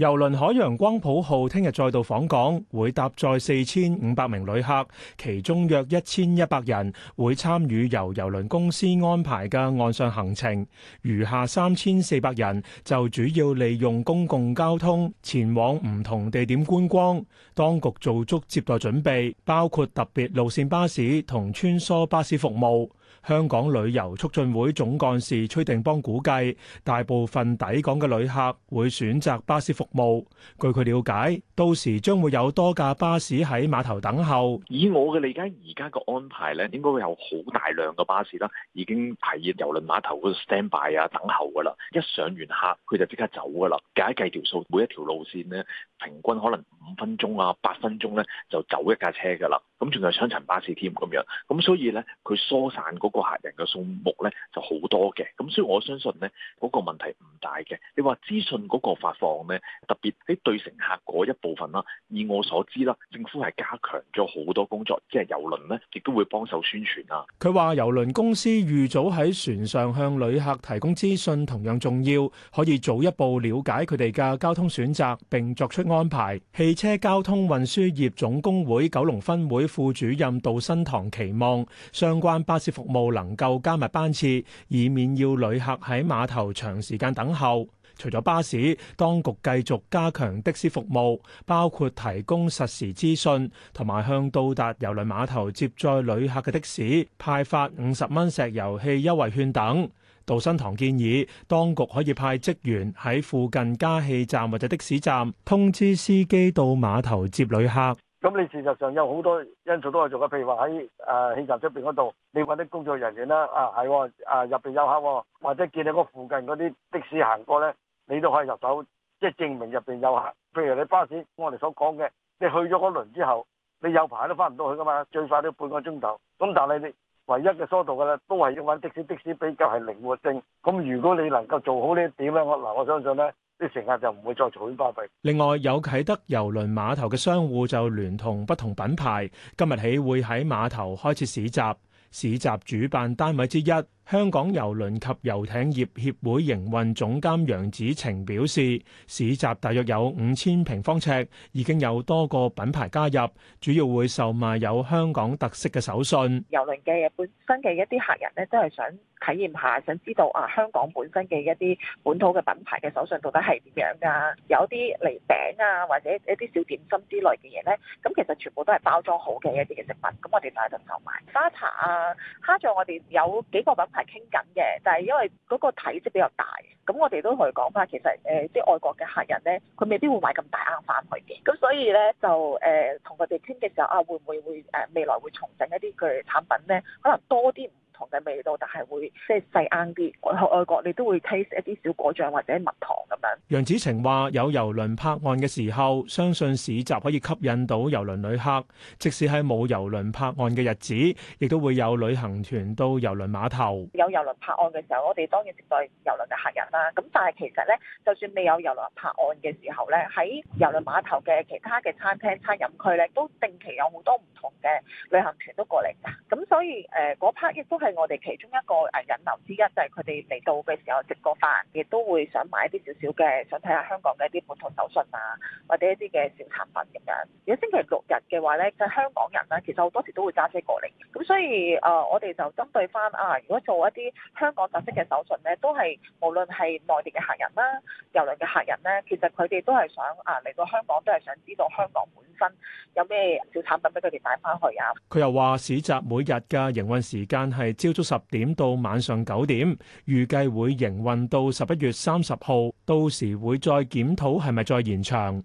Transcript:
郵輪海洋光譜號聽日再度訪港，會搭載四千五百名旅客，其中約一千一百人會參與由郵輪公司安排嘅岸上行程，餘下三千四百人就主要利用公共交通前往唔同地點觀光。當局做足接待準備，包括特別路線巴士同穿梭巴士服務。香港旅遊促進會總幹事崔定邦估計，大部分抵港嘅旅客會選擇巴士服務。據佢了解，到時將會有多架巴士喺碼頭等候。以我嘅理解，而家嘅安排呢，應該會有好大量嘅巴士啦，已經喺郵輪碼頭嗰度 stand by 啊，等候㗎啦。一上完客，佢就即刻走㗎啦。計一計條數，每一條路線呢，平均可能五分鐘啊、八分鐘呢，就走一架車㗎啦。咁仲有雙層巴士添咁樣，咁所以呢，佢疏散個客人嘅數目呢，就好多嘅。咁所以我相信呢，嗰個問題唔大嘅。你話資訊嗰個發放呢，特別喺對乘客嗰一部分啦，以我所知啦，政府係加強咗好多工作，即係郵輪呢亦都會幫手宣傳啊。佢話郵輪公司預早喺船上向旅客提供資訊同樣重要，可以早一步了解佢哋嘅交通選擇，並作出安排。汽車交通運輸業總工會九龍分會副主任杜新堂期望相關巴士服務。能夠加密班次，以免要旅客喺碼頭長時間等候。除咗巴士，當局繼續加強的士服務，包括提供實時資訊，同埋向到達郵輪碼頭接載旅客嘅的的士派發五十蚊石油氣優惠券等。杜新堂建議，當局可以派職員喺附近加氣站或者的士站通知司機到碼頭接旅客。咁你事實上有好多因素都係做嘅，譬如話喺誒氣站出邊嗰度，你揾啲工作人員啦，啊係，啊入邊有客，或者見你個附近嗰啲的士行過咧，你都可以入手，即係證明入邊有客。譬如你巴士，我哋所講嘅，你去咗嗰輪之後，你有排都翻唔到去噶嘛，最快都半個鐘頭。咁但係你唯一嘅疏導嘅咧，都係要揾的士，的士比較係靈活性。咁如果你能夠做好呢一點咧，我、呃、嗱我相信咧。啲時間就唔會再隨便花費。另外，有啟德郵輪碼頭嘅商戶就聯同不同品牌，今日起會喺碼頭開設市集。市集主辦單位之一。香港遊輪及遊艇業協會營運總監楊子晴表示，市集大約有五千平方尺，已經有多個品牌加入，主要會售賣有香港特色嘅手信。遊輪嘅本身嘅一啲客人呢，都係想體驗下，想知道啊香港本身嘅一啲本土嘅品牌嘅手信到底係點樣㗎？有啲嚟餅啊，或者一啲小點心之類嘅嘢呢，咁其實全部都係包裝好嘅一啲嘅食物，咁我哋就喺度售賣花茶啊、蝦醬，我哋有幾個品牌。傾緊嘅，但係因為嗰個體積比較大，咁我哋都同佢講翻，其實誒，即係、呃、外國嘅客人咧，佢未必會買咁大盒翻去嘅，咁所以咧就誒，同佢哋傾嘅時候啊，會唔會會誒、啊，未來會重整一啲佢哋產品咧，可能多啲。嘅味道，但係會即係細啱啲。外外國你都會 taste 一啲小果醬或者蜜糖咁樣。楊子晴話有郵輪泊岸嘅時候，相信市集可以吸引到郵輪旅客。即使喺冇郵輪泊岸嘅日子，亦都會有旅行團到郵輪碼頭。有郵輪泊岸嘅時候，我哋當然接待郵輪嘅客人啦。咁但係其實咧，就算未有郵輪泊岸嘅時候咧，喺郵輪碼頭嘅其他嘅餐廳餐飲區咧，都定期有好多唔同嘅旅行團都過嚟㗎。咁所以誒嗰 part 亦都係。那個我哋其中一個誒引流之一，就係佢哋嚟到嘅時候食過飯，亦都會想買一啲少少嘅，想睇下香港嘅一啲本土手信啊，或者一啲嘅小產品咁樣。有星期六日嘅話咧，就香港人咧，其實好多時都會揸車過嚟。咁所以誒，我哋就針對翻啊，如果做一啲香港特色嘅手信咧，都係無論係內地嘅客人啦、郵輪嘅客人咧，其實佢哋都係想啊嚟到香港都係想知道香港本身有咩小產品俾佢哋帶翻去啊。佢又話市集每日嘅營運時間係，朝早十點到晚上九點，預計會營運到十一月三十號，到時會再檢討，係咪再延長。